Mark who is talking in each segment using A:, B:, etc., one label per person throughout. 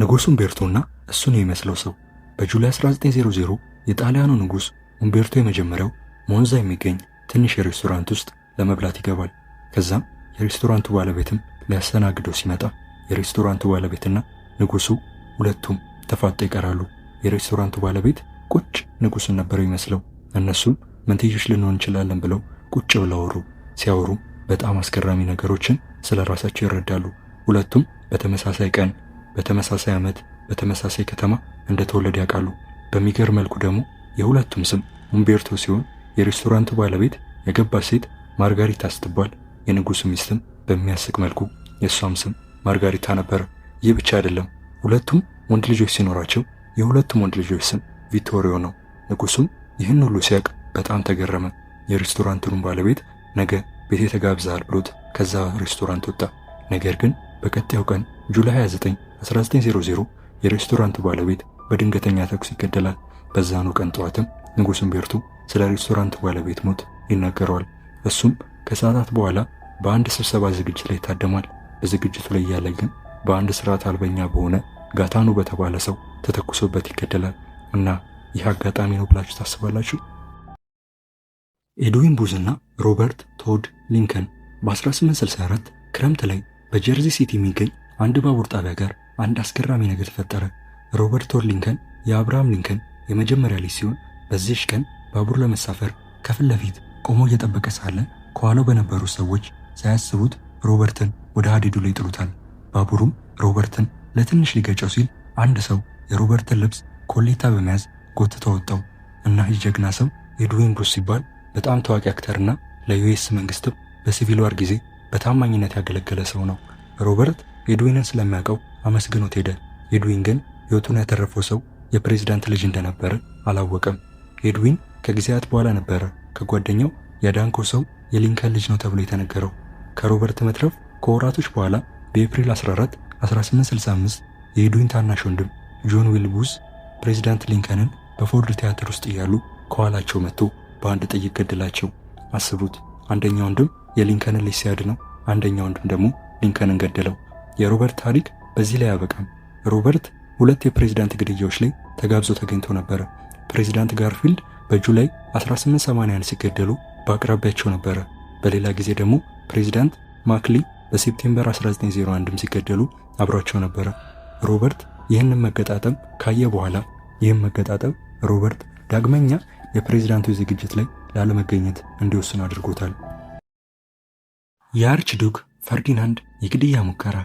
A: ንጉሥ ኡምቤርቶና እሱን የሚመስለው ሰው በጁላይ 1900 የጣሊያኑ ንጉሥ ኡምቤርቶ የመጀመሪያው ሞንዛ የሚገኝ ትንሽ የሬስቶራንት ውስጥ ለመብላት ይገባል። ከዛም የሬስቶራንቱ ባለቤትም ሊያስተናግደው ሲመጣ የሬስቶራንቱ ባለቤትና ንጉሱ ሁለቱም ተፋጠው ይቀራሉ። የሬስቶራንቱ ባለቤት ቁጭ ንጉስን ነበረው ይመስለው። እነሱም መንትዮች ልንሆን እንችላለን ብለው ቁጭ ብለው አወሩ። ሲያወሩ በጣም አስገራሚ ነገሮችን ስለ ራሳቸው ይረዳሉ። ሁለቱም በተመሳሳይ ቀን በተመሳሳይ ዓመት በተመሳሳይ ከተማ እንደተወለደ ያውቃሉ። በሚገርም መልኩ ደግሞ የሁለቱም ስም ኡምቤርቶ ሲሆን የሬስቶራንቱ ባለቤት የገባ ሴት ማርጋሪታ ስትባል፣ የንጉሱ ሚስትም በሚያስቅ መልኩ የእሷም ስም ማርጋሪታ ነበር። ይህ ብቻ አይደለም። ሁለቱም ወንድ ልጆች ሲኖራቸው የሁለቱም ወንድ ልጆች ስም ቪቶሪዮ ነው። ንጉሱም ይህን ሁሉ ሲያውቅ በጣም ተገረመ። የሬስቶራንቱን ባለቤት ነገ ቤቴ ተጋብዘሃል ብሎት ከዛ ሬስቶራንት ወጣ። ነገር ግን በቀጣዩ ቀን ጁላይ 29 1900 የሬስቶራንቱ ባለቤት በድንገተኛ ተኩስ ይገደላል። በዛኑ ቀን ጠዋትም ንጉስም እምቤርቱ ስለ ሬስቶራንት ባለቤት ሞት ይናገረዋል። እሱም ከሰዓታት በኋላ በአንድ ስብሰባ ዝግጅት ላይ ይታደማል። በዝግጅቱ ላይ ያለ ግን በአንድ ስርዓት አልበኛ በሆነ ጋታኑ በተባለ ሰው ተተኩሶበት ይገደላል። እና ይህ አጋጣሚ ነው ብላችሁ ታስባላችሁ? ኤድዊን ቡዝ እና ሮበርት ቶድ ሊንከን በ1864 ክረምት ላይ በጀርዚ ሲቲ የሚገኝ አንድ ባቡር ጣቢያ ጋር አንድ አስገራሚ ነገር ተፈጠረ። ሮበርት ሊንከን የአብርሃም ሊንከን የመጀመሪያ ልጅ ሲሆን በዚሽ ቀን ባቡር ለመሳፈር ከፊት ለፊት ቆሞ እየጠበቀ ሳለ ከኋላው በነበሩ ሰዎች ሳያስቡት ሮበርትን ወደ ሀዲዱ ላይ ይጥሉታል። ባቡሩም ሮበርትን ለትንሽ ሊገጨው ሲል አንድ ሰው የሮበርትን ልብስ ኮሌታ በመያዝ ጎትቶ ወጣው እና ይህ ጀግና ሰው ኤድዊን ብሩስ ሲባል በጣም ታዋቂ አክተርና ለዩኤስ መንግስትም በሲቪል ዋር ጊዜ በታማኝነት ያገለገለ ሰው ነው። ሮበርት ኤድዊንን ስለሚያውቀው አመስግኖት ሄደ። ኤድዊን ግን ሕይወቱን ያተረፈው ሰው የፕሬዝዳንት ልጅ እንደነበረ አላወቀም። ኤድዊን ከጊዜያት በኋላ ነበረ ከጓደኛው የዳንኮ ሰው የሊንከን ልጅ ነው ተብሎ የተነገረው። ከሮበርት መትረፍ ከወራቶች በኋላ በኤፕሪል 14 1865 የኤድዊን ታናሽ ወንድም ጆን ዊልቡዝ ፕሬዚዳንት ሊንከንን በፎርድ ቲያትር ውስጥ እያሉ ከኋላቸው መጥቶ በአንድ ጥይት ገደላቸው። አስቡት! አንደኛው ወንድም የሊንከንን ልጅ ነው። አንደኛው ወንድም ደግሞ ሊንከንን ገደለው። የሮበርት ታሪክ በዚህ ላይ አያበቃም። ሮበርት ሁለት የፕሬዝዳንት ግድያዎች ላይ ተጋብዞ ተገኝቶ ነበረ። ፕሬዝዳንት ጋርፊልድ በጁላይ 1881 ሲገደሉ በአቅራቢያቸው ነበረ። በሌላ ጊዜ ደግሞ ፕሬዝዳንት ማክሊ በሴፕቴምበር 1901 ሲገደሉ አብሯቸው ነበረ። ሮበርት ይህንን መገጣጠም ካየ በኋላ ይህም መገጣጠም ሮበርት ዳግመኛ የፕሬዝዳንቱ ዝግጅት ላይ ላለመገኘት እንዲወስን አድርጎታል። የአርችዱክ ፈርዲናንድ የግድያ ሙከራ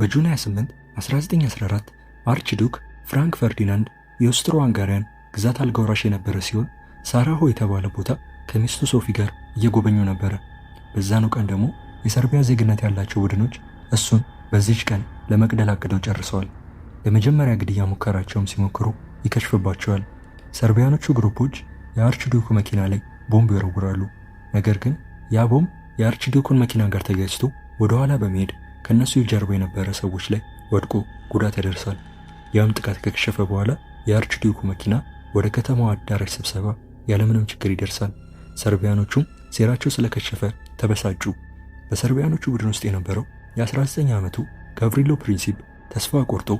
A: በጁን 28 1914 አርችዱክ ፍራንክ ፈርዲናንድ የኦስትሮ ሃንጋሪያን ግዛት አልጋውራሽ የነበረ ሲሆን ሳራሆ የተባለ ቦታ ከሚስቱ ሶፊ ጋር እየጎበኙ ነበረ። በዛኑ ቀን ደግሞ የሰርቢያ ዜግነት ያላቸው ቡድኖች እሱን በዚች ቀን ለመግደል አቅደው ጨርሰዋል። የመጀመሪያ ግድያ ሙከራቸውም ሲሞክሩ ይከሽፍባቸዋል። ሰርቢያኖቹ ግሩፖች የአርችዱክ መኪና ላይ ቦምብ ይወረውራሉ። ነገር ግን ያ ቦምብ የአርችዲያቆን መኪና ጋር ተገጭቶ ወደ ኋላ በመሄድ ከእነሱ ጀርባ የነበረ ሰዎች ላይ ወድቆ ጉዳት ያደርሳል። ያም ጥቃት ከከሸፈ በኋላ የአርችዲያቆን መኪና ወደ ከተማዋ አዳራሽ ስብሰባ ያለምንም ችግር ይደርሳል። ሰርቢያኖቹም ሴራቸው ስለከሸፈ ተበሳጩ። በሰርቢያኖቹ ቡድን ውስጥ የነበረው የ19 ዓመቱ ጋብሪሎ ፕሪንሲፕ ተስፋ ቆርጦ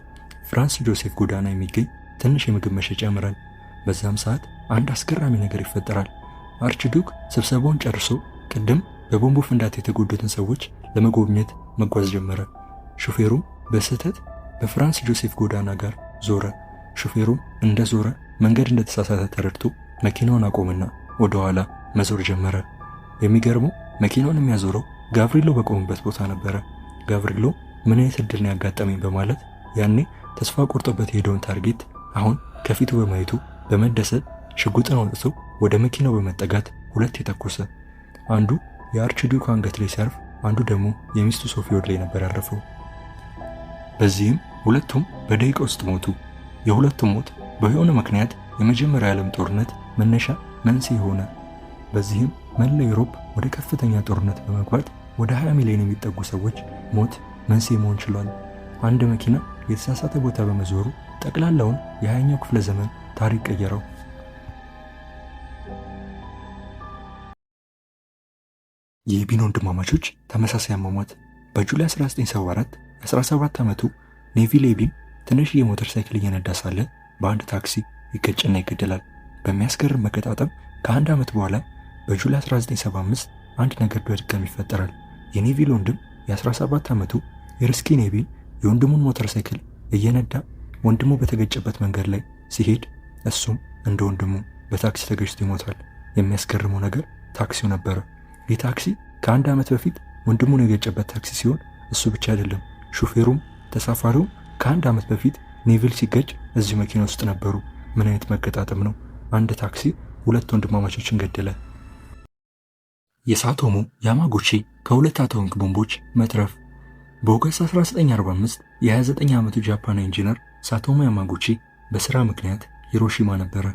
A: ፍራንስ ጆሴፍ ጎዳና የሚገኝ ትንሽ የምግብ መሸጫ ያምራል። በዛም ሰዓት አንድ አስገራሚ ነገር ይፈጠራል። አርችዱክ ስብሰባውን ጨርሶ ቅድም በቦምቡ ፍንዳታ የተጎዱትን ሰዎች ለመጎብኘት መጓዝ ጀመረ። ሹፌሩም በስህተት በፍራንስ ጆሴፍ ጎዳና ጋር ዞረ። ሹፌሩም እንደ ዞረ መንገድ እንደተሳሳተ ተረድቶ መኪናውን አቆምና ወደ ኋላ መዞር ጀመረ። የሚገርመው መኪናውን የሚያዞረው ጋብሪሎ በቆመበት ቦታ ነበረ። ጋብሪሎ ምን አይነት እድል ነው ያጋጠመኝ በማለት ያኔ ተስፋ ቆርጦበት የሄደውን ታርጌት አሁን ከፊቱ በማየቱ በመደሰት ሽጉጥን አውጥቶ ወደ መኪናው በመጠጋት ሁለት የተኮሰ አንዱ የአርችዱክ አንገት ላይ ሲያርፍ አንዱ ደግሞ የሚስቱ ሶፊ ወድ ላይ ነበር ያረፈው። በዚህም ሁለቱም በደቂቃ ውስጥ ሞቱ። የሁለቱም ሞት በሆነ ምክንያት የመጀመሪያ ዓለም ጦርነት መነሻ መንስኤ ሆነ። በዚህም መላ ዩሮፕ ወደ ከፍተኛ ጦርነት በመግባት ወደ 20 ሚሊዮን የሚጠጉ ሰዎች ሞት መንስኤ መሆን ችሏል። አንድ መኪና የተሳሳተ ቦታ በመዞሩ ጠቅላላውን የሃያኛው ክፍለ ዘመን ታሪክ ቀየረው። የቢን ወንድማማቾች ተመሳሳይ አሟሟት። በጁላይ 1974 የ17 ዓመቱ ኔቪል ኤቢን ትንሽዬ ሞተር ሳይክል እየነዳ ሳለ በአንድ ታክሲ ይገጭና ይገደላል። በሚያስገርም መገጣጠም ከአንድ ዓመት በኋላ በጁላይ 1975 አንድ ነገር በድጋሚ ይፈጠራል። የኔቪል ወንድም የ17 ዓመቱ የርስኪ ኔቪል የወንድሙን ሞተር ሳይክል እየነዳ ወንድሙ በተገጨበት መንገድ ላይ ሲሄድ እሱም እንደ ወንድሙ በታክሲ ተገጭቶ ይሞታል። የሚያስገርመው ነገር ታክሲው ነበረ። ይህ ታክሲ ከአንድ ዓመት በፊት ወንድሙን የገጨበት ታክሲ ሲሆን እሱ ብቻ አይደለም፣ ሹፌሩም ተሳፋሪውም ከአንድ ዓመት በፊት ኔቪል ሲገጭ እዚህ መኪና ውስጥ ነበሩ። ምን አይነት መገጣጠም ነው! አንድ ታክሲ ሁለት ወንድማማቾችን ገደለ። የሳቶሙ ያማጉቺ ከሁለት አቶሚክ ቦምቦች መትረፍ። በኦገስት 1945 የ29 ዓመቱ ጃፓናዊ ኢንጂነር ሳቶሙ ያማጉቺ በሥራ ምክንያት ሂሮሺማ ነበረ።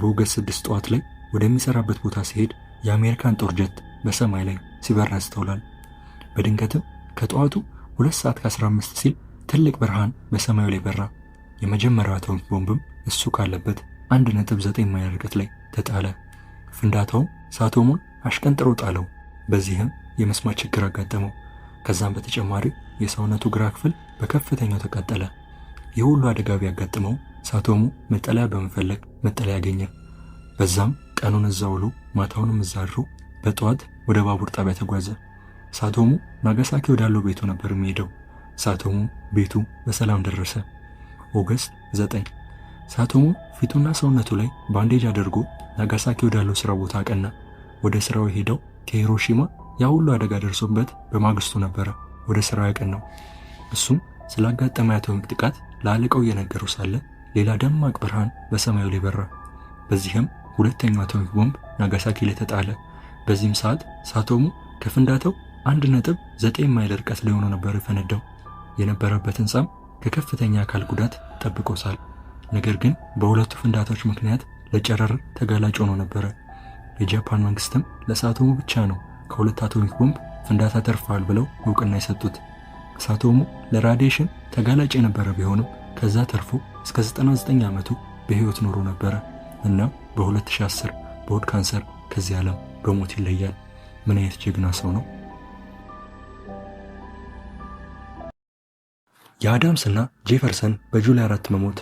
A: በኦገስት 6 ጠዋት ላይ ወደሚሠራበት ቦታ ሲሄድ የአሜሪካን ጦር ጀት በሰማይ ላይ ሲበራ ይስተውላል። በድንገትም ከጠዋቱ ሁለት ሰዓት ከ15 ሲል ትልቅ ብርሃን በሰማዩ ላይ በራ። የመጀመሪያው አቶሚክ ቦምብም እሱ ካለበት 1.9 ማይል ርቀት ላይ ተጣለ። ፍንዳታውም ሳቶሙን አሽቀንጥሮ ጣለው። በዚህም የመስማት ችግር አጋጠመው። ከዛም በተጨማሪ የሰውነቱ ግራ ክፍል በከፍተኛው ተቃጠለ። ይህ ሁሉ አደጋ ቢያጋጥመው ሳቶሙ መጠለያ በመፈለግ መጠለያ ያገኘ። በዛም ቀኑን እዛ ውሎ ማታውንም እዛ አድሮ በጠዋት ወደ ባቡር ጣቢያ ተጓዘ። ሳቶሙ ናጋሳኪ ወዳለው ቤቱ ነበር የሚሄደው። ሳቶሙ ቤቱ በሰላም ደረሰ። ኦገስት 9 ሳቶሙ ፊቱና ሰውነቱ ላይ ባንዴጅ አድርጎ ናጋሳኪ ወዳለው ስራ ቦታ አቀና። ወደ ስራው የሄደው ከሂሮሺማ ያ ሁሉ አደጋ ደርሶበት በማግስቱ ነበረ ወደ ስራው ያቀናው። እሱም ስላጋጠመ የአቶሚክ ጥቃት ለአለቃው እየነገረው ሳለ ሌላ ደማቅ ብርሃን በሰማዩ ላይ በራ። በዚህም ሁለተኛው አቶሚክ ቦምብ ናጋሳኪ ላይ ተጣለ። በዚህም ሰዓት ሳቶሙ ከፍንዳታው ዘጠኝ ማይል ርቀት ላይ ሆኖ ነበር የፈነዳው። የነበረበት ህንፃም ከከፍተኛ አካል ጉዳት ጠብቆሳል። ነገር ግን በሁለቱ ፍንዳታዎች ምክንያት ለጨረር ተጋላጭ ሆኖ ነበረ። የጃፓን መንግስትም ለሳቶሙ ብቻ ነው ከሁለት አቶሚክ ቦምብ ፍንዳታ ተርፈዋል ብለው እውቅና የሰጡት። ሳቶሙ ለራዲሽን ተጋላጭ የነበረ ቢሆንም ከዛ ተርፎ እስከ 99 ዓመቱ በህይወት ኖሮ ነበረ እና በ2010 በሆድ ካንሰር ከዚህ ዓለም በሞት ይለያል። ምን አይነት ጀግና ሰው ነው! የአዳምስ እና ጄፈርሰን በጁላይ 4 መሞት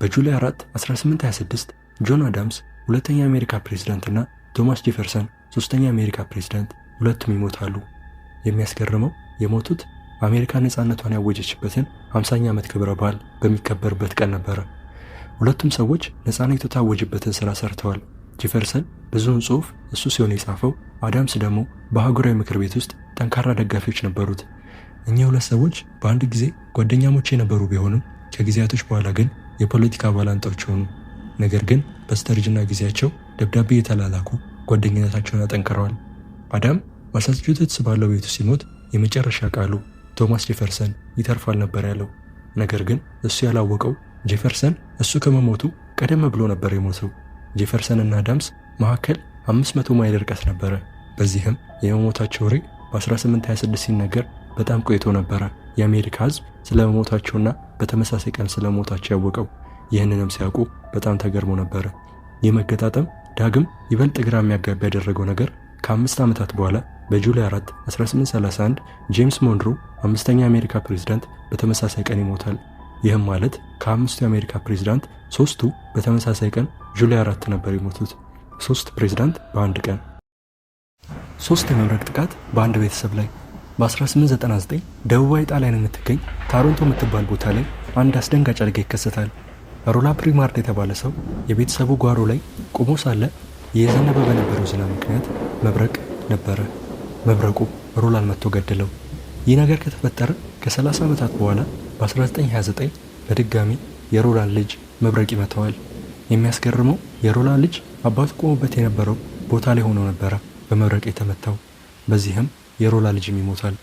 A: በጁላይ 4 1826 ጆን አዳምስ ሁለተኛ የአሜሪካ ፕሬዝዳንት እና ቶማስ ጄፈርሰን ሶስተኛ የአሜሪካ ፕሬዝዳንት ሁለቱም ይሞታሉ። የሚያስገርመው የሞቱት አሜሪካ ነፃነቷን ያወጀችበትን 50ኛ ዓመት ክብረ በዓል በሚከበርበት ቀን ነበረ። ሁለቱም ሰዎች ነፃነት የተታወጀበትን ስራ ሰርተዋል። ጂፈርሰን ብዙውን ጽሑፍ እሱ ሲሆን የጻፈው፣ አዳምስ ደግሞ በአህጉራዊ ምክር ቤት ውስጥ ጠንካራ ደጋፊዎች ነበሩት። እኚህ ሁለት ሰዎች በአንድ ጊዜ ጓደኛሞች የነበሩ ቢሆኑም ከጊዜያቶች በኋላ ግን የፖለቲካ ባላንጣዎች ሆኑ። ነገር ግን በስተርጅና ጊዜያቸው ደብዳቤ የተላላኩ ጓደኝነታቸውን አጠንክረዋል። አዳም ማሳቹሴትስ ባለው ቤቱ ሲሞት የመጨረሻ ቃሉ ቶማስ ጄፈርሰን ይተርፋል ነበር ያለው። ነገር ግን እሱ ያላወቀው ጄፈርሰን እሱ ከመሞቱ ቀደም ብሎ ነበር የሞተው። ጄፈርሰን እና መካከል 500 ማይል ርቀት ነበረ። በዚህም የመሞታቸው ወሬ በ1826 ሲነገር በጣም ቆይቶ ነበረ የአሜሪካ ሕዝብ ስለ መሞታቸውና በተመሳሳይ ቀን ስለ መሞታቸው ያወቀው። ይህንንም ሲያውቁ በጣም ተገርሞ ነበረ። ይህ መገጣጠም ዳግም ይበልጥ ግራ የሚያጋቢ ያደረገው ነገር ከአምስት ዓመታት በኋላ በጁላይ 4 1831 ጄምስ ሞንሮ አምስተኛ የአሜሪካ ፕሬዝዳንት በተመሳሳይ ቀን ይሞታል። ይህም ማለት ከአምስቱ የአሜሪካ ፕሬዚዳንት ሶስቱ በተመሳሳይ ቀን ጁላይ አራት ነበር የሞቱት። ሶስት ፕሬዚዳንት በአንድ ቀን። ሶስት የመብረቅ ጥቃት በአንድ ቤተሰብ ላይ በ1899 ደቡባዊ ጣሊያን የምትገኝ ታሮንቶ የምትባል ቦታ ላይ አንድ አስደንጋጭ አደጋ ይከሰታል። ሮላ ፕሪማርድ የተባለ ሰው የቤተሰቡ ጓሮ ላይ ቆሞ ሳለ የዘነበ በነበረው ዝናብ ምክንያት መብረቅ ነበረ። መብረቁ ሮላን መጥቶ ገደለው። ይህ ነገር ከተፈጠረ ከ30 ዓመታት በኋላ በ1929 በድጋሚ የሮላን ልጅ መብረቅ ይመታዋል። የሚያስገርመው የሮላን ልጅ አባቱ ቆሞበት የነበረው ቦታ ላይ ሆኖ ነበረ በመብረቅ የተመታው። በዚህም የሮላ ልጅም ይሞታል።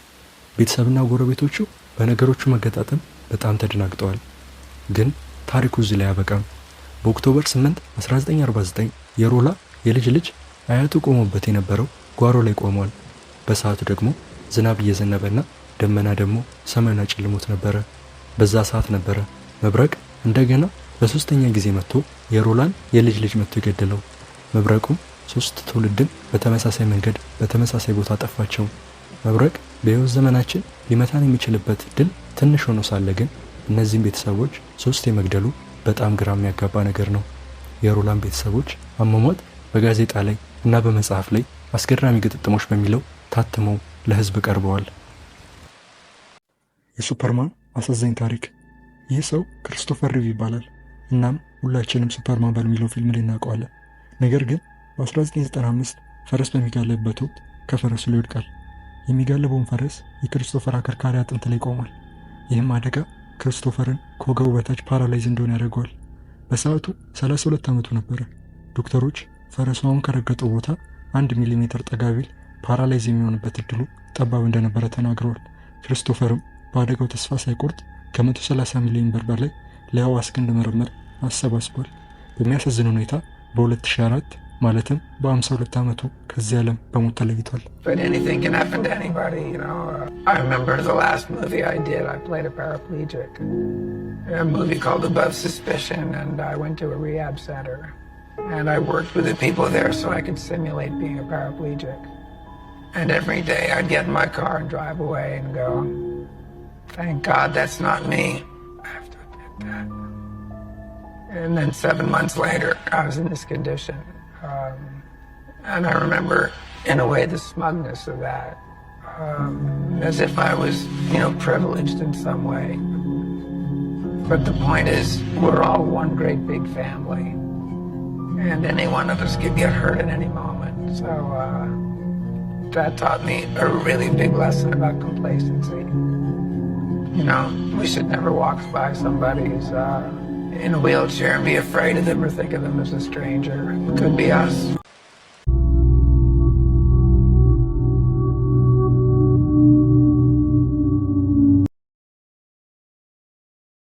A: ቤተሰብና ጎረቤቶቹ በነገሮቹ መገጣጠም በጣም ተደናግጠዋል። ግን ታሪኩ እዚህ ላይ አያበቃም። በኦክቶበር 8 1949 የሮላ የልጅ ልጅ አያቱ ቆሞበት የነበረው ጓሮ ላይ ቆሟል። በሰዓቱ ደግሞ ዝናብ እየዘነበና ደመና ደግሞ ሰማዩን አጨልሞት ነበረ። በዛ ሰዓት ነበረ መብረቅ እንደገና ለሶስተኛ ጊዜ መጥቶ የሮላን የልጅ ልጅ መጥቶ የገደለው። መብረቁም ሶስት ትውልድን በተመሳሳይ መንገድ በተመሳሳይ ቦታ አጠፋቸው። መብረቅ በህይወት ዘመናችን ሊመታን የሚችልበት ድል ትንሽ ሆኖ ሳለ ግን እነዚህም ቤተሰቦች ሶስት የመግደሉ በጣም ግራ የሚያጋባ ነገር ነው። የሮላን ቤተሰቦች አሟሟት በጋዜጣ ላይ እና በመጽሐፍ ላይ አስገራሚ ግጥጥሞች በሚለው ታትመው ለህዝብ ቀርበዋል። የሱፐርማን አሳዛኝ ታሪክ። ይህ ሰው ክርስቶፈር ሪቭ ይባላል። እናም ሁላችንም ሱፐርማን በሚለው ፊልም እናውቀዋለን። ነገር ግን በ1995 ፈረስ በሚጋለብበት ወቅት ከፈረሱ ላይ ይወድቃል። የሚጋለበውን ፈረስ የክሪስቶፈር አከርካሪ አጥንት ላይ ቆሟል። ይህም አደጋ ክርስቶፈርን ከወገቡ በታች ፓራላይዝ እንደሆነ ያደርገዋል። በሰዓቱ 32 ዓመቱ ነበረ። ዶክተሮች ፈረሱ አሁን ከረገጠው ቦታ አንድ ሚሊሜትር ጠጋቢል ጠጋ ቢል ፓራላይዝ የሚሆንበት እድሉ ጠባብ እንደነበረ ተናግረዋል። ክርስቶፈርም በአደጋው ተስፋ ሳይቆርጥ ከ130 ሚሊዮን ብር በላይ ለህዋስ ግንድ ምርምር አሰባስቧል። በሚያሳዝን ሁኔታ በ2004 ማለትም በ52 ዓመቱ ከዚህ ዓለም በሞት ተለይቷል።
B: And every day I'd get in my car and drive away and go, Thank God that's not me. I have to admit that. And then seven months later, I was in this condition. Um, and I remember, in a way, the smugness of that. Um, as if I was, you know, privileged in some way. But the point is, we're all one great big family. And any one of us could get hurt at any moment. So uh, that taught me a really big lesson about complacency. You know, we should never walk by somebody who's uh, in a wheelchair and be afraid of them or think of them as a stranger. It could be us.